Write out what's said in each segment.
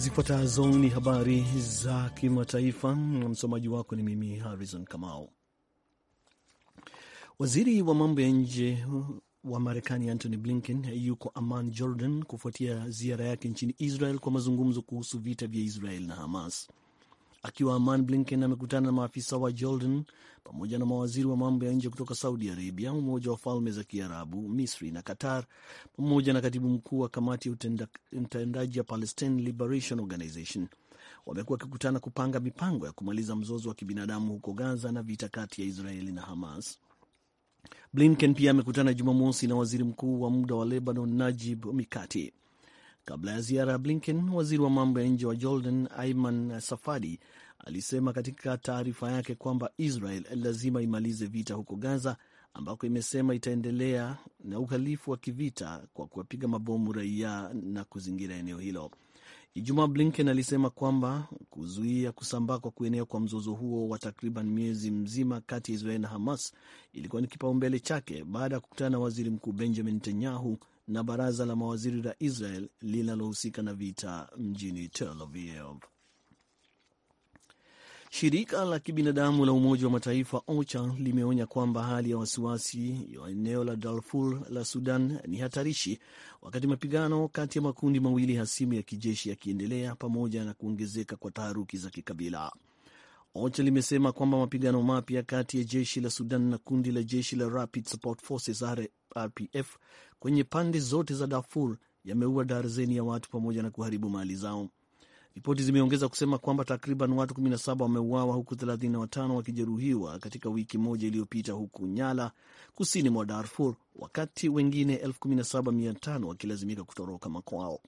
Zifuatazo ni habari za kimataifa na msomaji wako ni mimi Harrison Kamau. Waziri wa mambo ya nje wa Marekani Antony Blinken yuko Aman, Jordan, kufuatia ziara yake nchini Israel kwa mazungumzo kuhusu vita vya Israel na Hamas. Akiwa aman Blinken amekutana na maafisa wa Jordan pamoja na mawaziri wa mambo ya nje kutoka Saudi Arabia, Umoja wa Falme za Kiarabu, Misri na Qatar, pamoja na katibu mkuu wa kamati ya utendaji ya Palestine Liberation Organization. Wamekuwa wakikutana kupanga mipango ya kumaliza mzozo wa kibinadamu huko Gaza na vita kati ya Israeli na Hamas. Blinken pia amekutana Jumamosi na waziri mkuu wa muda wa Lebanon, Najib Mikati. Kabla ya ziara ya Blinken, waziri wa mambo ya nje wa Jordan Ayman Safadi alisema katika taarifa yake kwamba Israel lazima imalize vita huko Gaza, ambako imesema itaendelea na uhalifu wa kivita kwa kuwapiga mabomu raia na kuzingira eneo hilo. Ijumaa, Blinken alisema kwamba kuzuia kusambaa kwa kuenea kwa mzozo huo wa takriban miezi mzima kati ya Israel na Hamas ilikuwa ni kipaumbele chake baada ya kukutana na waziri mkuu Benjamin Netanyahu na baraza la mawaziri la Israel linalohusika na vita mjini Tel Aviv. Shirika la kibinadamu la Umoja wa Mataifa OCHA limeonya kwamba hali ya wasiwasi ya eneo la Darfur la Sudan ni hatarishi, wakati mapigano kati ya makundi mawili hasimu ya kijeshi yakiendelea pamoja na kuongezeka kwa taharuki za kikabila. OCHA limesema kwamba mapigano mapya kati ya jeshi la Sudan na kundi la jeshi la Rapid Support Forces RPF kwenye pande zote za Darfur yameua darzeni ya watu pamoja na kuharibu mali zao. Ripoti zimeongeza kusema kwamba takriban watu 17 wameuawa huku 35 wakijeruhiwa katika wiki moja iliyopita huku Nyala, kusini mwa Darfur, wakati wengine 17500 wakilazimika kutoroka makwao.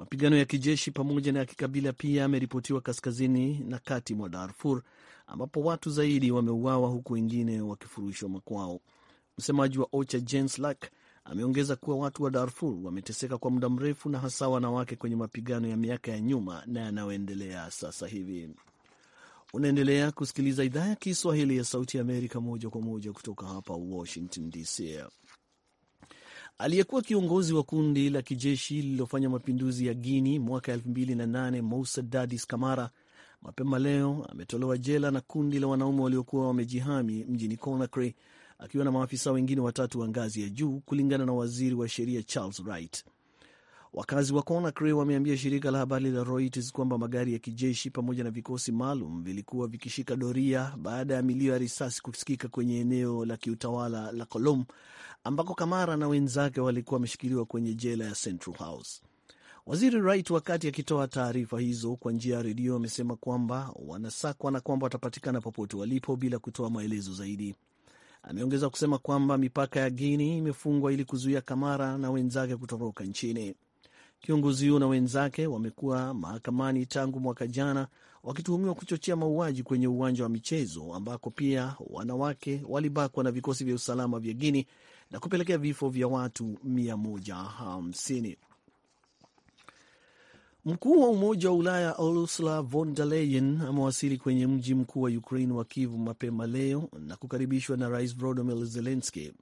Mapigano ya kijeshi pamoja na ya kikabila pia yameripotiwa kaskazini na kati mwa Darfur ambapo watu zaidi wameuawa huku wengine wakifurushwa makwao. Msemaji wa OCHA James Lack ameongeza kuwa watu wa Darfur wameteseka kwa muda mrefu na hasa wanawake kwenye mapigano ya miaka ya nyuma na yanayoendelea sasa hivi. Unaendelea kusikiliza idhaa ya Kiswahili ya Sauti ya Amerika moja kwa moja kutoka hapa Washington DC. Aliyekuwa kiongozi wa kundi la kijeshi lililofanya mapinduzi ya Guini mwaka 2008 Mousa Dadis Kamara mapema leo ametolewa jela na kundi la wanaume waliokuwa wamejihami mjini Conakry akiwa na maafisa wengine watatu wa ngazi ya juu, kulingana na waziri wa sheria Charles Wright. Wakazi wa Conakry wameambia shirika la habari la Reuters kwamba magari ya kijeshi pamoja na vikosi maalum vilikuwa vikishika doria baada ya milio ya risasi kusikika kwenye eneo la kiutawala la Colom ambako Kamara na wenzake walikuwa wameshikiliwa kwenye jela ya Central House. Waziri Wright wakati akitoa taarifa hizo kwa njia ya redio amesema kwamba wanasakwa na kwamba watapatikana popote walipo bila kutoa maelezo zaidi. Ameongeza kusema kwamba mipaka ya Guini imefungwa ili kuzuia Kamara na wenzake kutoroka nchini. Kiongozi huyo na wenzake wamekuwa mahakamani tangu mwaka jana wakituhumiwa kuchochea mauaji kwenye uwanja wa michezo ambako pia wanawake walibakwa na vikosi vya usalama vya Guini na kupelekea vifo vya watu 150. Mkuu wa Umoja wa Ulaya Ursula von der Leyen amewasili kwenye mji mkuu wa Ukraine wa kivu mapema leo na kukaribishwa na Rais Volodymyr Zelensky.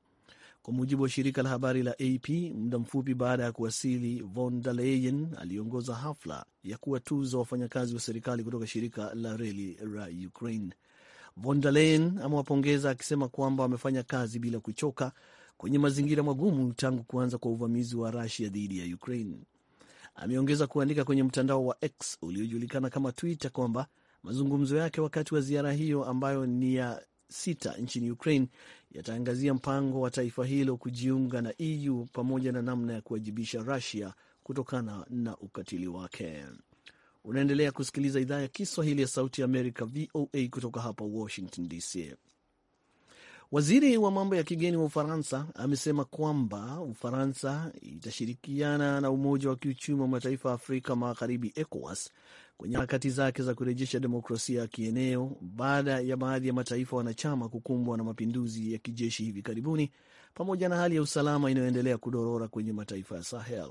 Kwa mujibu wa shirika la habari la AP, muda mfupi baada ya kuwasili, von der Leyen aliongoza hafla ya kuwatuza wafanyakazi wa serikali kutoka shirika la reli la Ukraine. Von der Leyen amewapongeza akisema kwamba wamefanya kazi bila kuchoka kwenye mazingira magumu tangu kuanza kwa uvamizi wa Rusia dhidi ya Ukraine. Ameongeza kuandika kwenye mtandao wa X uliojulikana kama Twitter kwamba mazungumzo yake wakati wa ziara hiyo ambayo ni ya sita nchini Ukraine yataangazia mpango wa taifa hilo kujiunga na EU pamoja na namna ya kuwajibisha rasia kutokana na ukatili wake. Unaendelea kusikiliza idhaa ya Kiswahili ya Sauti ya Amerika, VOA, kutoka hapa Washington DC. Waziri wa mambo ya kigeni wa Ufaransa amesema kwamba Ufaransa itashirikiana na Umoja wa Kiuchumi wa Mataifa ya Afrika Magharibi, ECOWAS, kwenye harakati zake za kurejesha demokrasia ya kieneo baada ya baadhi ya mataifa wanachama kukumbwa na mapinduzi ya kijeshi hivi karibuni, pamoja na hali ya usalama inayoendelea kudorora kwenye mataifa ya Sahel.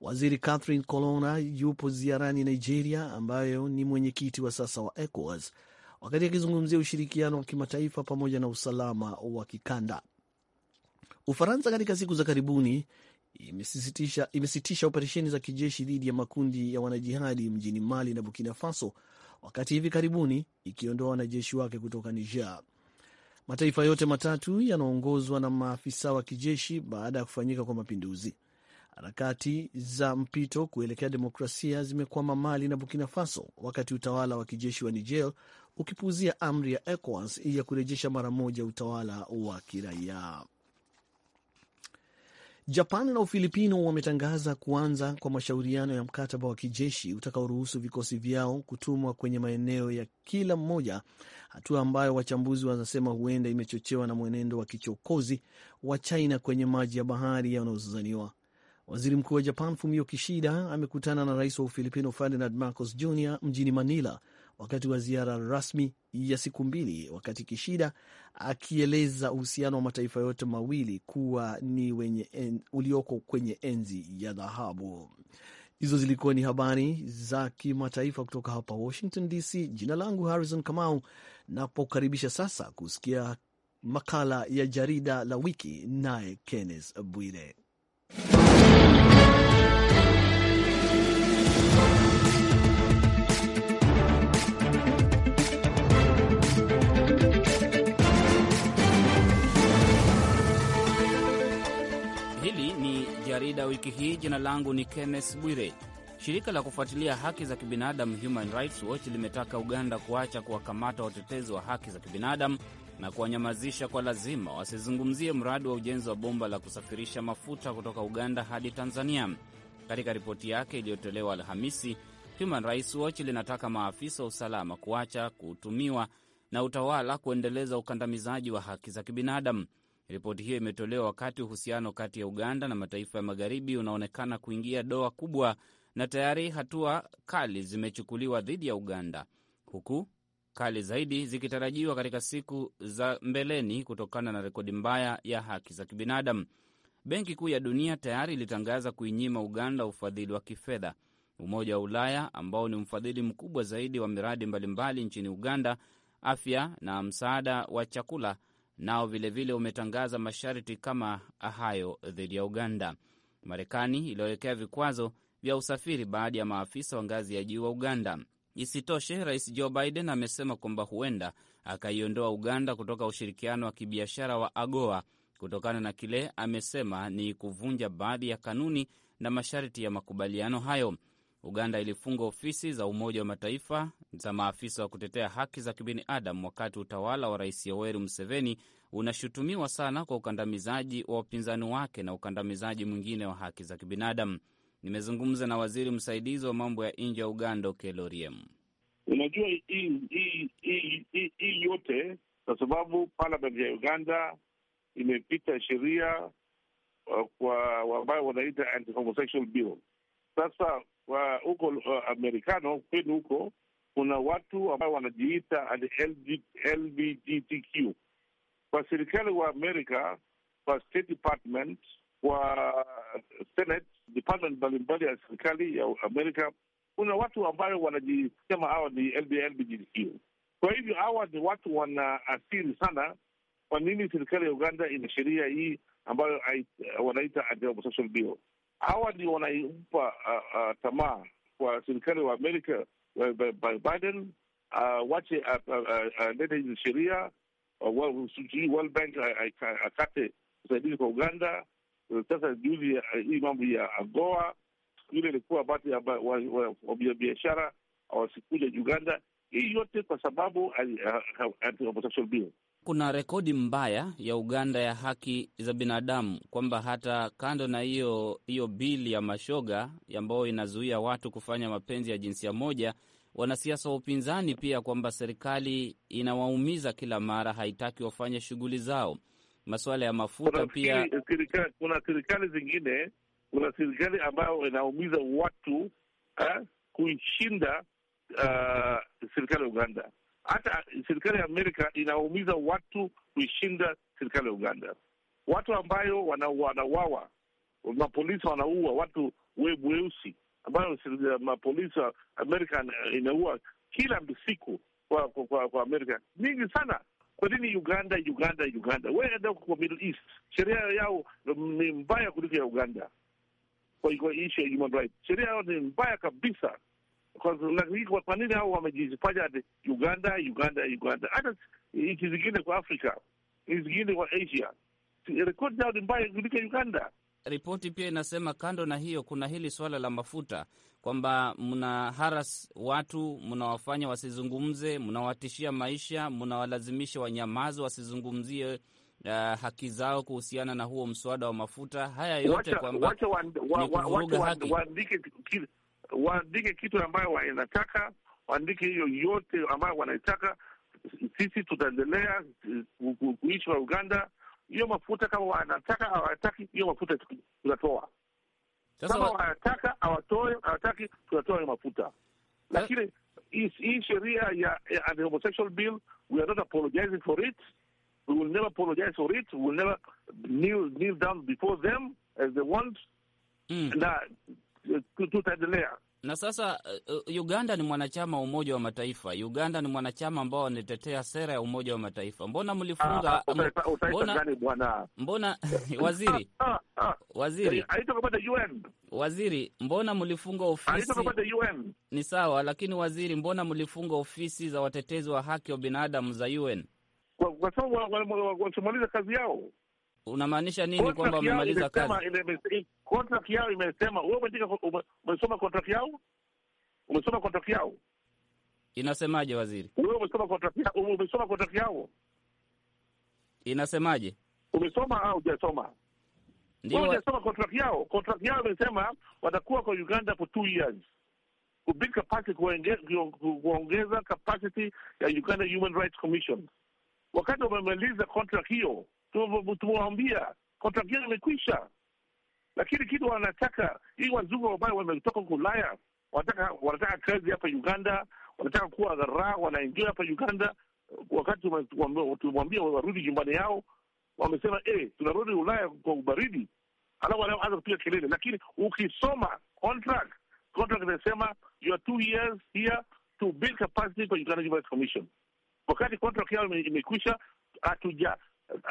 Waziri Catherine Colonna yupo ziarani Nigeria, ambayo ni mwenyekiti wa sasa wa ECOWAS, wakati akizungumzia ushirikiano wa kimataifa pamoja na usalama wa kikanda. Ufaransa katika siku za karibuni imesitisha operesheni za kijeshi dhidi ya makundi ya wanajihadi mjini Mali na Burkina Faso, wakati hivi karibuni ikiondoa wanajeshi wake kutoka Niger. Mataifa yote matatu yanaongozwa na maafisa wa kijeshi baada ya kufanyika kwa mapinduzi. Harakati za mpito kuelekea demokrasia zimekwama Mali na Burkina Faso, wakati utawala wa kijeshi wa Niger ukipuuzia amri ya ECOWAS ya kurejesha mara moja utawala wa kiraia. Japan na Ufilipino wametangaza kuanza kwa mashauriano ya mkataba wa kijeshi utakaoruhusu vikosi vyao kutumwa kwenye maeneo ya kila mmoja, hatua ambayo wachambuzi wanasema huenda imechochewa na mwenendo wa kichokozi wa China kwenye maji ya bahari yanayozozaniwa. Waziri Mkuu wa Japan Fumio Kishida amekutana na rais wa Ufilipino Ferdinand Marcos Jr mjini Manila wakati wa ziara rasmi ya siku mbili, wakati Kishida akieleza uhusiano wa mataifa yote mawili kuwa ni wenye en, ulioko kwenye enzi ya dhahabu. Hizo zilikuwa ni habari za kimataifa kutoka hapa Washington DC. Jina langu Harrison Kamau, napokaribisha sasa kusikia makala ya jarida la wiki, naye Kenneth Bwire. jarida wiki hii. Jina langu ni Kenneth Bwire. Shirika la kufuatilia haki za kibinadamu Human Rights Watch limetaka Uganda kuacha kuwakamata watetezi wa haki za kibinadamu na kuwanyamazisha kwa lazima wasizungumzie mradi wa ujenzi wa bomba la kusafirisha mafuta kutoka Uganda hadi Tanzania. Katika ripoti yake iliyotolewa Alhamisi, Human Rights Watch linataka maafisa wa usalama kuacha kutumiwa na utawala kuendeleza ukandamizaji wa haki za kibinadamu. Ripoti hiyo imetolewa wakati uhusiano kati ya Uganda na mataifa ya magharibi unaonekana kuingia doa kubwa, na tayari hatua kali zimechukuliwa dhidi ya Uganda, huku kali zaidi zikitarajiwa katika siku za mbeleni kutokana na rekodi mbaya ya haki za kibinadamu. Benki Kuu ya Dunia tayari ilitangaza kuinyima Uganda ufadhili wa kifedha. Umoja wa Ulaya ambao ni mfadhili mkubwa zaidi wa miradi mbalimbali nchini Uganda, afya na msaada wa chakula, nao vilevile umetangaza masharti kama hayo dhidi ya Uganda. Marekani iliowekea vikwazo vya usafiri baadhi ya maafisa wa ngazi ya juu wa Uganda. Isitoshe, Rais Joe Biden amesema kwamba huenda akaiondoa Uganda kutoka ushirikiano wa kibiashara wa AGOA kutokana na kile amesema ni kuvunja baadhi ya kanuni na masharti ya makubaliano hayo. Uganda ilifunga ofisi za Umoja wa Mataifa za maafisa wa kutetea haki za kibinadamu wakati utawala wa Rais Yoweri Museveni unashutumiwa sana kwa ukandamizaji wa wapinzani wake na ukandamizaji mwingine wa haki za kibinadamu. Nimezungumza na waziri msaidizi wa mambo ya nje ya Uganda, Okeloriem. Unajua hii yote kwa sababu parliament ya Uganda imepita sheria uh, kwa ambayo wanaita anti-homosexual bill. Sasa wa huko uh, amerikano kwenu huko kuna watu ambao wanajiita LGBTQ kwa serikali wa Amerika, kwa State Department, kwa Senate, department mbalimbali ya serikali ya Amerika, kuna watu ambayo wanajisema hawa ni LGBTQ. Kwa hivyo hawa ni watu wana asili sana. Kwa nini serikali ya Uganda ina sheria hii ambayo wanaita anti-homosexual bill? hawa ndio wanaipa uh, uh, tamaa kwa serikali wa Amerika uh, Biden uh, wache alete uh, uh, uh, uh sheria uh, World Bank uh, uh, akate usaidizi kwa Uganda. Sasa juzi hii mambo ya AGOA yule ilikuwa bati biashara hawasikuja Uganda. Hii yote kwa sababu homosexual bill kuna rekodi mbaya ya Uganda ya haki za binadamu, kwamba hata kando na hiyo hiyo bili ya mashoga ambayo inazuia watu kufanya mapenzi ya jinsia moja, wanasiasa wa upinzani pia, kwamba serikali inawaumiza kila mara, haitaki wafanye shughuli zao. Masuala ya mafuta pia, kuna serikali zingine, kuna serikali ambayo inaumiza watu ha, eh, kuishinda uh, serikali ya Uganda hata serikali ya Amerika inaumiza watu kuishinda serikali ya Uganda. Watu ambayo wanauawa, mapolisi wanaua watu weusi, ambayo mapolisi wa Amerika inaua kila siku kwa, kwa, kwa, kwa Amerika nyingi sana. Kwa nini Uganda, Uganda, Uganda? We enda kwa Middle East, sheria yao ni mbaya kuliko ya Uganda. Kwa issue ya human rights, sheria yao ni mbaya kabisa kwa nini hao wamejifanya Uganda, Uganda, Uganda? Hata nchi zingine kwa Afrika, nchi zingine kwa Asia, rekodi yao ni mbaya kuliko Uganda. Ripoti pia inasema kando na hiyo, kuna hili suala la mafuta kwamba mna haras watu, mnawafanya wasizungumze, mnawatishia maisha, mnawalazimisha wanyamazi wasizungumzie Uh, haki zao kuhusiana na huo mswada wa mafuta. Haya yote kwamba ni kuvuruga haki, waandike waandike kitu ambayo wanataka, waandike hiyo yote ambayo wanaitaka. Sisi tutaendelea eh, kuishi wa Uganda. Hiyo mafuta kama wanataka hawataki, hiyo mafuta tutatoa. Kama wanataka awatoe, hawataki, tutatoa hiyo mafuta, eh, lakini hii sheria ya anti homosexual bill, we are not apologizing for it. We will never apologize for it. We will never kneel, kneel down before them as they want. Mm. Na tutaendelea na sasa. Eh, eh, Uganda ni mwanachama wa Umoja wa Mataifa. Uganda ni mwanachama ambao wanatetea sera ya Umoja wa Mataifa. Mbona mlifunga? Ah, mbona, mbona waziri waziri waziri, mbona mlifunga ofisi? Ni sawa, lakini waziri, mbona mlifunga ofisi za watetezi wa haki wa binadamu za UN? Kwa sababu wasimaliza kazi yao. Unamaanisha nini kwamba wamemaliza kazi? Contract yao imesema. Wewe umesoma kontrakti yao? Umesoma kontrakti yao? Inasemaje waziri? Wewe umesoma kontrakti yao? Umesoma contract yao? Inasemaje? Umesoma au hujasoma? Ndio. Wewe unasoma yao. Kontrakti yao imesema watakuwa kwa Uganda for two years. Kubuild capacity kuongeza capacity ya Uganda Human Rights Commission. Wakati wamemaliza contract hiyo tumewaambia contract yao imekwisha, lakini kitu wanataka hii wazungu ambayo wametoka huko Ulaya wanataka wanataka kazi hapa Uganda, wanataka kuwa raha, wanaingia hapa Uganda. Wakati tumwambia warudi nyumbani yao, wamesema eh, tunarudi Ulaya kwa ubaridi, alafu wanaanza kupiga kelele. Lakini ukisoma contract, contract inasema you are two years here to build capacity for Uganda Human Rights Commission. Wakati contract yao imekwisha, hatuja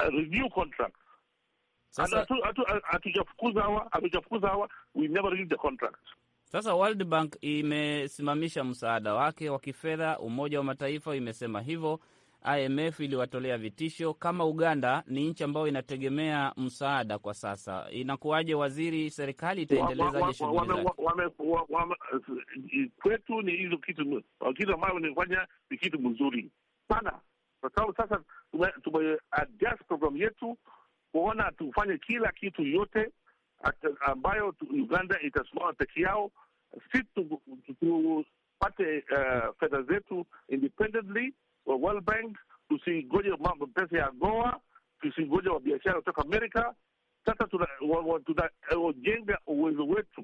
renew contract. Sasa hatujafukuza hawa, hatujafukuza hawa, we never read the contract. Sasa World Bank imesimamisha msaada wake wa kifedha, Umoja wa Mataifa imesema hivyo, IMF iliwatolea vitisho. Kama Uganda ni nchi ambayo inategemea msaada kwa sasa, inakuwaje waziri, serikali itaendelezaje shughuli zake? Kwetu ni hizo kitu, kitu ambayo nifanya ni kitu mzuri sana kwa sababu sasa tumeadjust programu yetu kuona tufanye kila kitu yote ambayo Uganda itasimama peke yao, si tupate uh, fedha zetu independently wa World Bank, tusingoje mambo pesa ya Goa, tusingoje wa biashara kutoka Amerika. Sasa tunajenga uh, uwezo wetu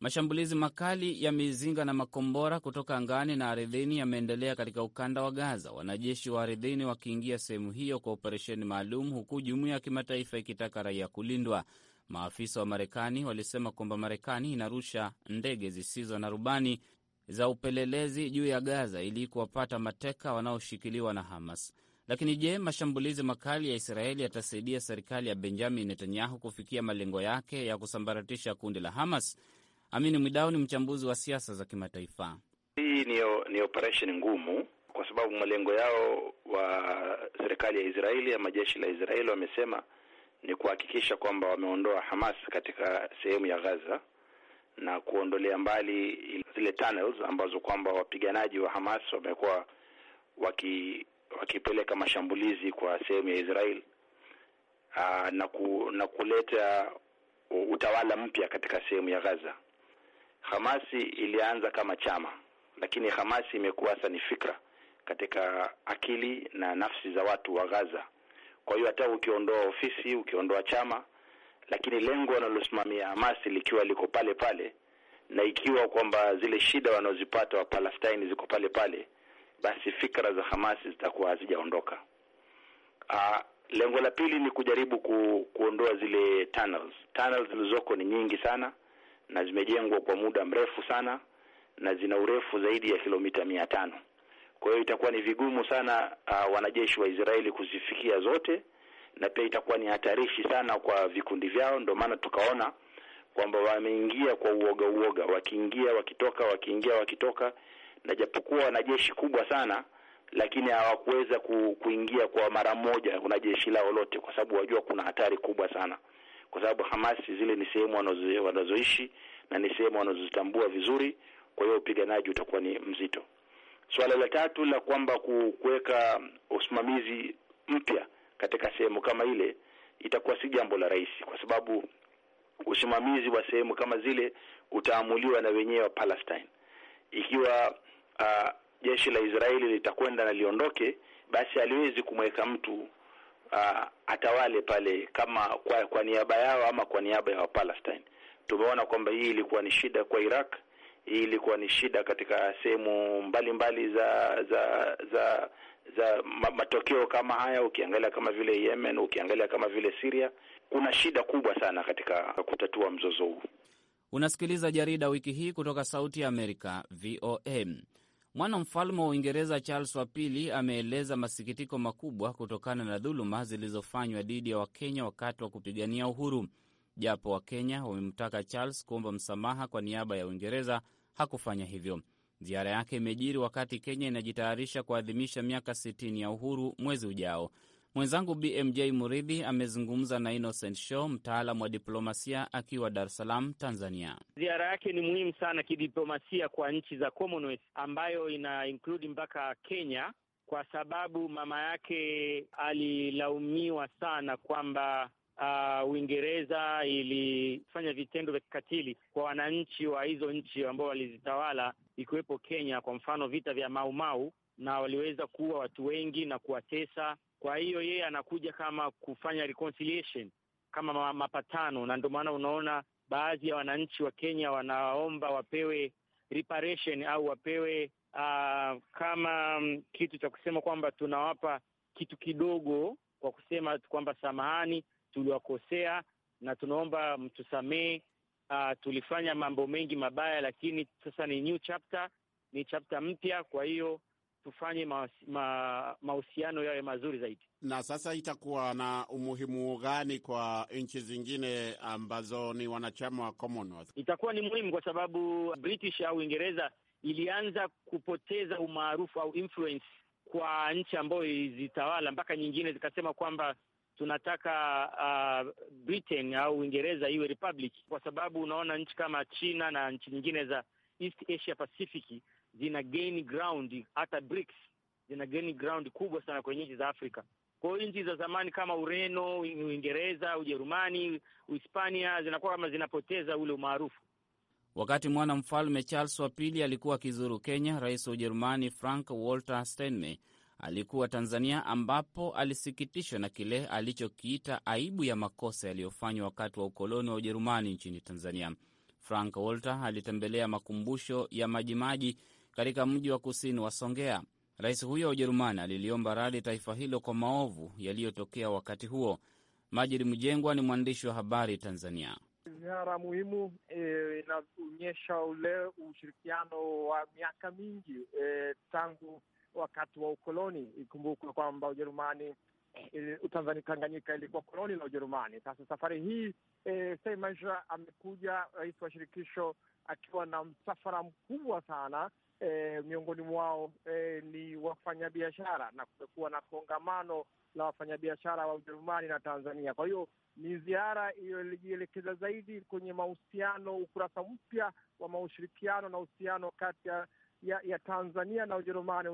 Mashambulizi makali ya mizinga na makombora kutoka angani na ardhini yameendelea katika ukanda wa Gaza, wanajeshi wa ardhini wakiingia sehemu hiyo kwa operesheni maalum, huku jumuiya ya kimataifa ikitaka raia kulindwa. Maafisa wa Marekani walisema kwamba Marekani inarusha ndege zisizo na rubani za upelelezi juu ya Gaza ili kuwapata mateka wanaoshikiliwa na Hamas. Lakini je, mashambulizi makali ya Israeli yatasaidia serikali ya Benjamin Netanyahu kufikia malengo yake ya kusambaratisha kundi la Hamas? Amini Mwidau ni mchambuzi wa siasa za kimataifa. Hii ni, ni operesheni ngumu kwa sababu malengo yao wa serikali ya Israeli ama jeshi la Israeli wamesema ni kuhakikisha kwamba wameondoa Hamas katika sehemu ya Gaza na kuondolea mbali zile tunnels ambazo kwamba wapiganaji wa Hamas wamekuwa waki, wakipeleka mashambulizi kwa sehemu ya aa, na, ku, na kuleta utawala mpya katika sehemu ya Gaza. Hamasi ilianza kama chama, lakini Hamasi imekuwa hasa ni fikra katika akili na nafsi za watu wa Gaza. Kwa hiyo hata ukiondoa ofisi, ukiondoa chama, lakini lengo wanalosimamia Hamasi likiwa liko pale pale, na ikiwa kwamba zile shida wanazipata wa Palestine ziko pale pale, basi fikra za Hamasi zitakuwa hazijaondoka. Ah, lengo la pili ni kujaribu ku, kuondoa zile tunnels. Tunnels zilizoko ni nyingi sana na zimejengwa kwa muda mrefu sana na zina urefu zaidi ya kilomita mia tano. Kwa hiyo itakuwa ni vigumu sana uh, wanajeshi wa Israeli kuzifikia zote, na pia itakuwa ni hatarishi sana kwa vikundi vyao. Ndio maana tukaona kwamba wameingia kwa uoga uoga, wakiingia wakitoka, wakiingia wakitoka, na japokuwa wanajeshi kubwa sana lakini hawakuweza ku, kuingia kwa mara moja kuna jeshi lao lote, kwa sababu wajua kuna hatari kubwa sana kwa sababu Hamasi zile ni sehemu wanazoishi na ni sehemu wanazozitambua vizuri. Kwa hiyo upiganaji utakuwa ni mzito. Suala la tatu la kwamba kuweka usimamizi mpya katika sehemu kama ile itakuwa si jambo la rahisi, kwa sababu usimamizi wa sehemu kama zile utaamuliwa na wenyewe wa Palestine. Ikiwa uh, jeshi la Israeli litakwenda na liondoke, basi haliwezi kumweka mtu uh, atawale pale kama kwa, kwa niaba yao ama kwa niaba ya Wapalestine. Tumeona kwamba hii ilikuwa ni shida kwa Iraq, hii ilikuwa ni shida katika sehemu mbalimbali za za za za matokeo kama haya, ukiangalia kama vile Yemen, ukiangalia kama vile Syria, kuna shida kubwa sana katika kutatua mzozo huu. Unasikiliza jarida wiki hii kutoka Sauti ya Amerika, vom Mwana mfalme wa Uingereza Charles wa pili ameeleza masikitiko makubwa kutokana na dhuluma zilizofanywa dhidi ya Wakenya wakati wa kupigania uhuru. Japo Wakenya wamemtaka Charles kuomba msamaha kwa niaba ya Uingereza, hakufanya hivyo. Ziara yake imejiri wakati Kenya inajitayarisha kuadhimisha miaka 60 ya uhuru mwezi ujao. Mwenzangu BMJ Muridhi amezungumza na Innocent Show, mtaalam wa diplomasia akiwa Dar es Salaam, Tanzania. Ziara yake ni muhimu sana kidiplomasia kwa nchi za Commonwealth ambayo ina include mpaka Kenya kwa sababu mama yake alilaumiwa sana kwamba uh, Uingereza ilifanya vitendo vya kikatili kwa wananchi wa hizo nchi ambao walizitawala ikiwepo Kenya, kwa mfano vita vya Maumau, na waliweza kuua watu wengi na kuwatesa kwa hiyo yeye anakuja kama kufanya reconciliation, kama mapatano, na ndio maana unaona baadhi ya wananchi wa Kenya wanaomba wapewe reparation au wapewe uh, kama um, kitu cha kusema kwamba tunawapa kitu kidogo kwa kusema kwamba samahani, tuliwakosea na tunaomba mtusamee Uh, ah, tulifanya mambo mengi mabaya, lakini sasa ni new chapter, ni chapter mpya. Kwa hiyo tufanye mahusiano yawe mazuri zaidi. Na sasa itakuwa na umuhimu gani kwa nchi zingine ambazo ni wanachama wa Commonwealth? Itakuwa ni muhimu kwa sababu British au Uingereza ilianza kupoteza umaarufu au influence kwa nchi ambayo ilizitawala mpaka nyingine zikasema kwamba tunataka uh, Britain au Uingereza iwe republic, kwa sababu unaona nchi kama China na nchi nyingine za East Asia Pacific zina gain ground, hata BRICS zina gain ground kubwa sana kwenye nchi za Afrika. Kwa hiyo nchi za zamani kama Ureno, Uingereza, Ujerumani, Uhispania zinakuwa kama zinapoteza ule umaarufu. Wakati mwana mfalme Charles wa pili alikuwa akizuru Kenya, rais wa Ujerumani Frank Walter Steinmeier alikuwa Tanzania, ambapo alisikitishwa na kile alichokiita aibu ya makosa yaliyofanywa wakati wa ukoloni wa Ujerumani nchini Tanzania. Frank Walter alitembelea makumbusho ya Majimaji katika mji wa kusini wa Songea. Rais huyo wa Ujerumani aliliomba radi taifa hilo kwa maovu yaliyotokea wakati huo. Majid Mjengwa ni mwandishi wa habari Tanzania. Ziara muhimu e, inaonyesha ule ushirikiano wa miaka mingi e, tangu wakati wa ukoloni. Ikumbukwe kwamba Ujerumani e, Tanzania, Tanganyika ilikuwa koloni la Ujerumani. Sasa safari hii e, Seif Maisha amekuja rais wa shirikisho akiwa na msafara mkubwa sana e, miongoni mwao e, ni wafanyabiashara, na kumekuwa na kongamano la wafanyabiashara wa Ujerumani na Tanzania. Kwa hiyo ni ziara iliyojielekeza zaidi kwenye mahusiano, ukurasa mpya wa maushirikiano na uhusiano kati ya ya Tanzania na Ujerumani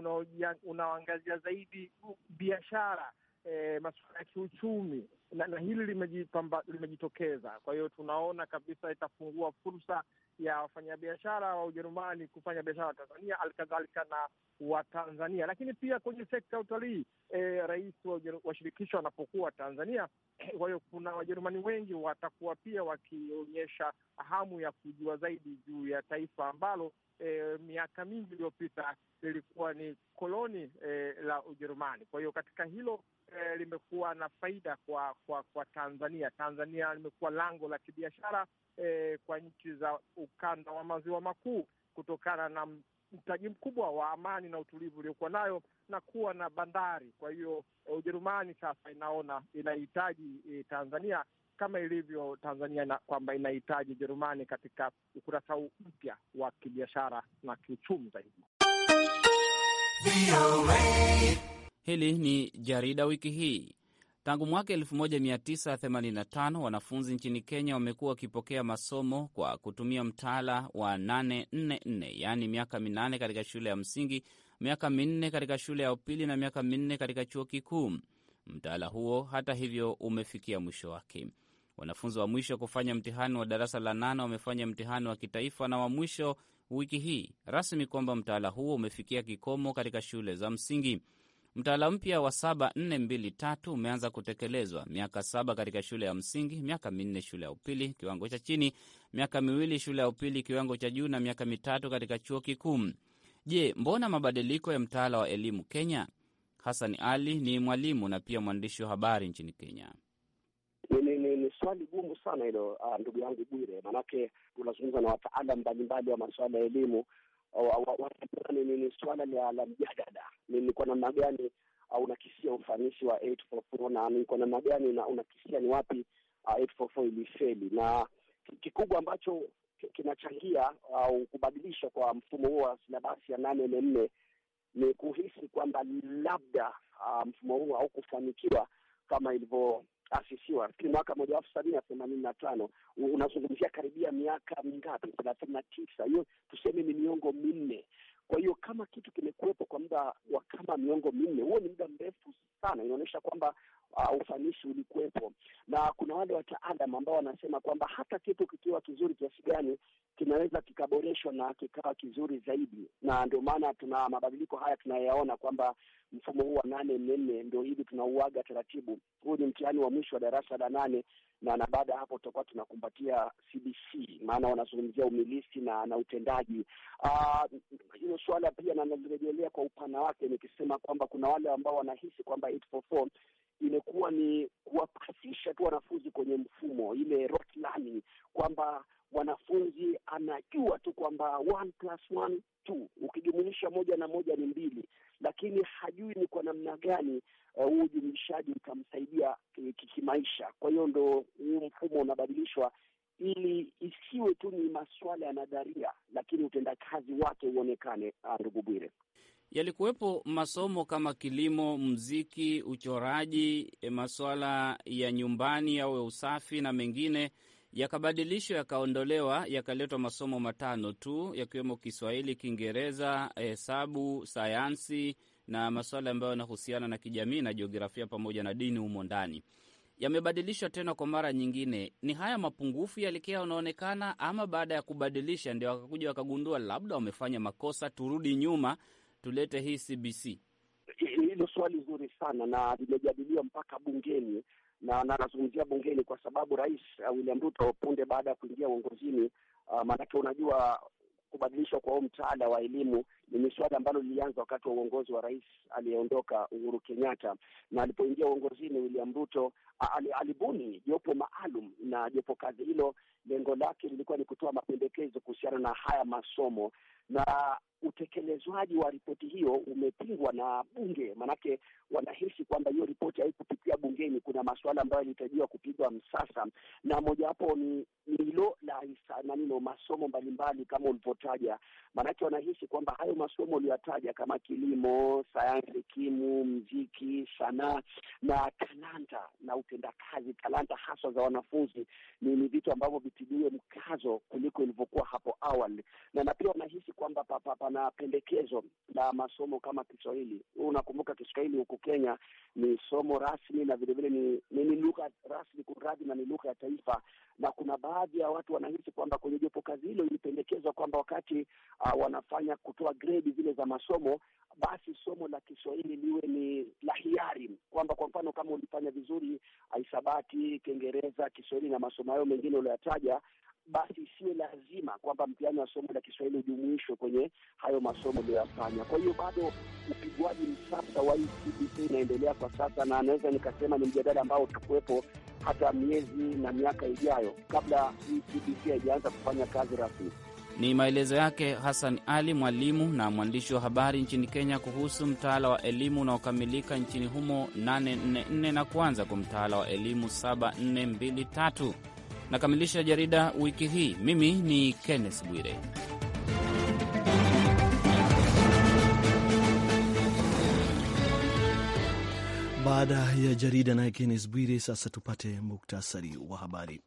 unaoangazia zaidi biashara e, masuala ya kiuchumi na, na hili limejipamba, limejitokeza. Kwa hiyo tunaona kabisa itafungua fursa ya wafanyabiashara wa Ujerumani kufanya biashara wa Tanzania, alikadhalika na Watanzania, lakini pia kwenye sekta ya utalii e, rais wa, wa shirikisho anapokuwa Tanzania. Eh, kwa hiyo kuna Wajerumani wengi watakuwa pia wakionyesha hamu ya kujua zaidi juu ya taifa ambalo e, miaka mingi iliyopita lilikuwa ni koloni e, la Ujerumani. Kwa hiyo katika hilo eh, limekuwa na faida kwa kwa kwa Tanzania. Tanzania limekuwa lango la kibiashara eh, kwa nchi za ukanda wa maziwa makuu kutokana na mtaji mkubwa wa amani na utulivu uliokuwa nayo na kuwa na bandari. Kwa hiyo eh, Ujerumani sasa inaona inahitaji eh, Tanzania kama ilivyo Tanzania na kwamba inahitaji Ujerumani katika ukurasa mpya wa kibiashara na kiuchumi zaidi. Hili ni jarida wiki hii. Tangu mwaka 1985 wanafunzi nchini Kenya wamekuwa wakipokea masomo kwa kutumia mtaala wa 844 yaani miaka minane katika shule ya msingi, miaka minne katika shule ya upili na miaka minne katika chuo kikuu. Mtaala huo hata hivyo umefikia mwisho wake. Wanafunzi wa mwisho kufanya mtihani wa darasa la nane wamefanya mtihani wa kitaifa na wa mwisho wiki hii rasmi kwamba mtaala huo umefikia kikomo katika shule za msingi. Mtaala mpya wa 7423 umeanza kutekelezwa: miaka saba katika shule ya msingi, miaka minne shule ya upili kiwango cha chini, miaka miwili shule ya upili kiwango cha juu, na miaka mitatu katika chuo kikuu. Je, mbona mabadiliko ya mtaala wa elimu Kenya? hasani Ali ni mwalimu na pia mwandishi wa habari nchini Kenya. Ni, ni, ni swali gumu sana hilo, uh, ndugu yangu Bwire, maanake tunazungumza na wataalam mbalimbali wa masuala ya elimu. Oh, ni suala la mjadada namna gani uh, unakisia ufanisi wa 844 na ni kwa namna gani unakisia ni wapi uh, 844 ilifeli, na kikubwa ambacho kinachangia au uh, kubadilisha kwa mfumo huo wa silabasi ya nane nne nne ni kuhisi kwamba labda uh, mfumo huo haukufanikiwa kama asisiwa Lakini mwaka moja elfu sabini na themanini na tano unazungumzia karibia miaka mingapi? thelathini na tisa. Hiyo tuseme ni miongo minne kwa hiyo kama kitu kimekuwepo kwa muda wa kama miongo minne, huo ni muda mrefu sana, inaonyesha kwamba uh, ufanisi ulikuwepo, na kuna wale wataalamu ambao wanasema kwamba hata kitu kikiwa kizuri kiasi gani kinaweza kikaboreshwa na kikawa kizuri zaidi, na ndio maana tuna mabadiliko haya tunayaona kwamba mfumo huu wa nane nne ndio hivi tunauaga taratibu. Huu ni mtihani wa mwisho wa darasa la nane na na baada ya hapo tutakuwa tunakumbatia CBC, maana wanazungumzia umilisi na na utendaji. Ah, hilo suala pia nalirejelea kwa upana wake, nikisema kwamba kuna wale ambao wanahisi kwamba 844 imekuwa ni kuwapasisha tu wanafunzi kwenye mfumo, ile rote learning, kwamba wanafunzi anajua tu kwamba 1 plus one two, ukijumulisha moja na moja ni mbili, lakini hajui ni kwa namna gani eh, huu uh, ujumlishaji utamsaidia kimaisha. Kwa hiyo ndo huu mfumo unabadilishwa ili isiwe tu ni masuala ya nadharia, lakini utendakazi wake uonekane. Ah, ndugu Bwire, yalikuwepo masomo kama kilimo, mziki, uchoraji, eh, masuala ya nyumbani au ya usafi na mengine yakabadilishwa yakaondolewa, yakaletwa masomo matano tu yakiwemo Kiswahili, Kiingereza, eh, hesabu, sayansi na masuala ambayo yanahusiana na kijamii na jiografia pamoja na dini humo ndani yamebadilishwa tena kwa mara nyingine. Ni haya mapungufu yalikia yanaonekana, ama baada ya kubadilisha ndio wakakuja wakagundua labda wamefanya makosa, turudi nyuma, tulete hii CBC? Hilo swali zuri sana na limejadiliwa mpaka bungeni, na anazungumzia bungeni kwa sababu Rais uh, William Ruto punde baada ya kuingia uongozini uh, maanake unajua kubadilishwa kwa huu mtaala wa elimu ni miswada ambalo lilianza wakati wa uongozi wa rais aliyeondoka Uhuru Kenyatta, na alipoingia uongozini William Ruto uh, alibuni jopo maalum, na jopo kazi hilo lengo lake lilikuwa ni kutoa mapendekezo kuhusiana na haya masomo na utekelezwaji wa ripoti hiyo umepingwa na bunge, maanake wanahisi kwamba hiyo ripoti haikupitia bungeni. Kuna masuala ambayo yalitarajiwa kupigwa msasa, na mojawapo ni hilo la nanino masomo mbalimbali kama ulivyotaja, maanake wanahisi kwamba hayo masomo uliyoyataja kama kilimo, sayansi, kimu, mziki, sanaa na talanta na utendakazi, talanta haswa za wanafunzi ni, ni vitu ambavyo vitiliwe mkazo kuliko ilivyokuwa hapo awali, na na pia wanahisi kwamba pana pendekezo la masomo kama Kiswahili. Unakumbuka Kiswahili huku Kenya ni somo rasmi na vilevile ni, ni, ni lugha rasmi kuradhi, na ni lugha ya taifa, na kuna baadhi ya watu wanahisi kwamba kwenye jopo kazi hilo ilipendekezwa kwamba wakati uh, wanafanya kutoa grade zile za masomo basi somo la Kiswahili liwe ni la hiari, kwamba kwa mfano kama ulifanya vizuri aisabati Kiingereza, Kiswahili na masomo hayo mengine ulioyataja, basi isiwe lazima kwamba mtihani wa somo la Kiswahili ujumuishwe kwenye hayo masomo uliyoyafanya. Kwa hiyo bado upigwaji msasa wa ICBC inaendelea kwa sasa, na anaweza nikasema ni mjadala ambao utakuwepo hata miezi na miaka ijayo kabla ICBC haijaanza kufanya kazi rasmi. Ni maelezo yake Hassan Ali, mwalimu na mwandishi wa habari nchini Kenya, kuhusu mtaala wa elimu unaokamilika nchini humo 844 na kuanza kwa mtaala wa elimu 7423. Nakamilisha jarida wiki hii. Mimi ni Kenneth Bwire. Baada ya jarida naye Kennes Bwire, sasa tupate muktasari wa habari.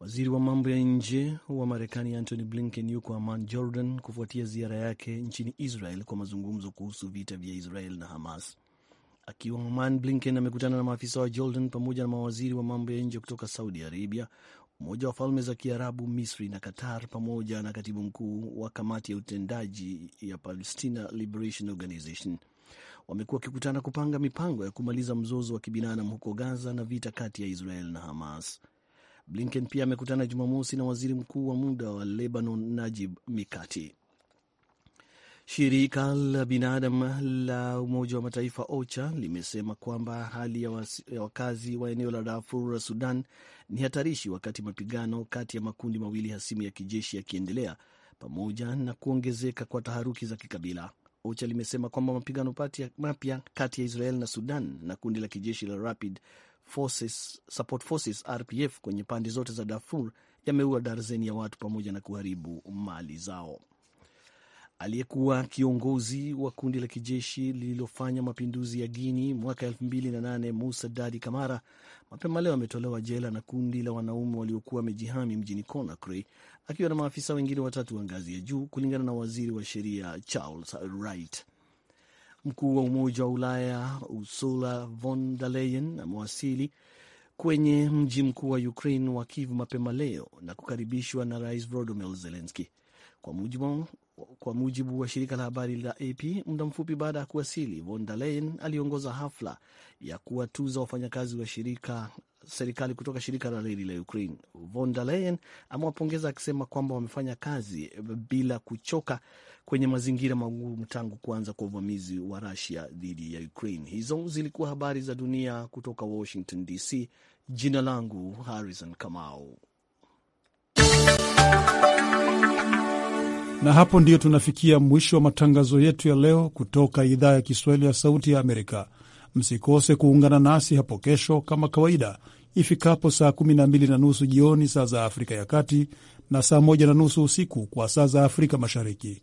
Waziri wa mambo ya nje wa Marekani Antony Blinken yuko aman Jordan, kufuatia ziara yake nchini Israel kwa mazungumzo kuhusu vita vya Israel na Hamas. Akiwa aman Blinken amekutana na maafisa wa Jordan pamoja na mawaziri wa mambo ya nje kutoka Saudi Arabia, Umoja wa Falme za Kiarabu, Misri na Qatar, pamoja na katibu mkuu wa kamati ya utendaji ya Palestina Liberation Organization. Wamekuwa wakikutana kupanga mipango ya kumaliza mzozo wa kibinadamu huko Gaza na vita kati ya Israel na Hamas. Blinken pia amekutana Jumamosi na waziri mkuu wa muda wa Lebanon, Najib Mikati. Shirika la binadamu la Umoja wa Mataifa OCHA limesema kwamba hali ya, wasi, ya wakazi wa eneo la Darfur la Sudan ni hatarishi, wakati mapigano kati ya makundi mawili hasimu ya kijeshi yakiendelea pamoja na kuongezeka kwa taharuki za kikabila. OCHA limesema kwamba mapigano mapya kati ya Israel na Sudan na kundi la kijeshi la Rapid Forces, Support Forces RPF kwenye pande zote za Darfur yameua darzeni ya watu pamoja na kuharibu mali zao. Aliyekuwa kiongozi wa kundi la kijeshi lililofanya mapinduzi ya Guini mwaka 2008 Musa Dadi Kamara mapema leo ametolewa jela na kundi la wanaume waliokuwa wamejihami mjini Conakry akiwa na maafisa wengine watatu wa ngazi ya juu, kulingana na waziri wa sheria Charles Wright. Mkuu wa Umoja wa Ulaya Ursula von der Leyen amewasili kwenye mji mkuu wa Ukraine wa Kiev mapema leo na kukaribishwa na Rais Volodymyr Zelensky. Kwa mujibu, kwa mujibu wa shirika la habari la AP, muda mfupi baada ya kuwasili, von der Leyen aliongoza hafla ya kuwatuza wafanyakazi wa shirika serikali kutoka shirika la reli la Ukraine. Von der Leyen amewapongeza akisema kwamba wamefanya kazi bila kuchoka kwenye mazingira magumu tangu kuanza kwa uvamizi wa Rusia dhidi ya Ukraine. Hizo zilikuwa habari za dunia kutoka Washington DC. Jina langu Harrison Kamau. Na hapo ndiyo tunafikia mwisho wa matangazo yetu ya leo kutoka idhaa ya Kiswahili ya Sauti ya Amerika. Msikose kuungana nasi hapo kesho kama kawaida ifikapo saa 12 na nusu jioni saa za Afrika ya Kati na saa 1 na nusu usiku kwa saa za Afrika Mashariki.